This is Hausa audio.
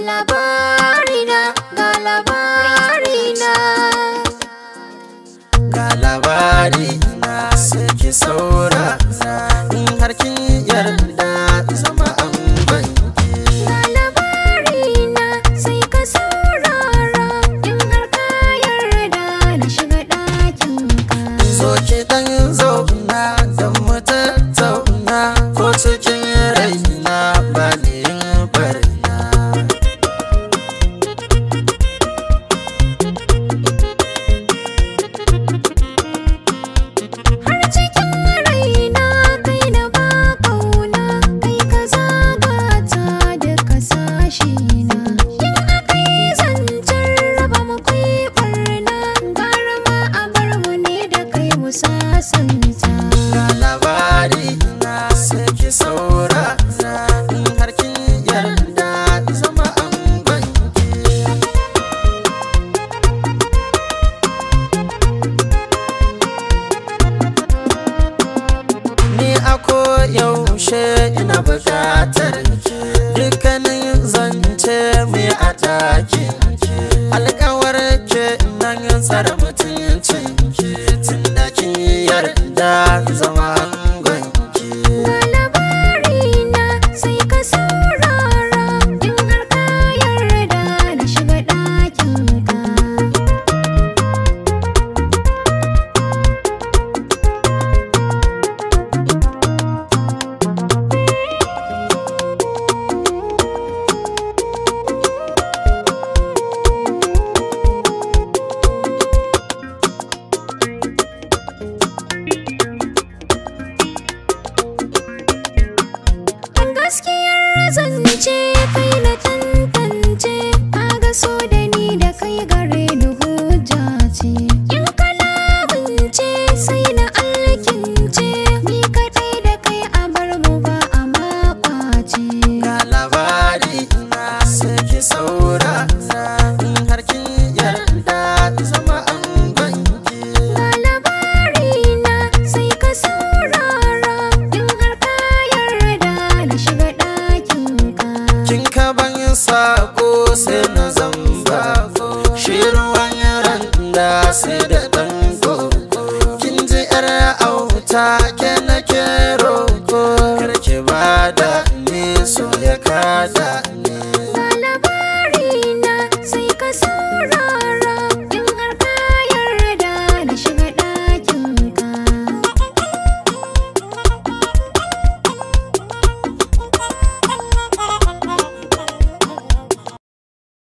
galabarina, galabarina, labarina ga labarina sai ki saurara in har Nah, razan ce kai na shi ruwan randa sai da dango kin ji yar auta ke nake roko karki da ni so ya kada ni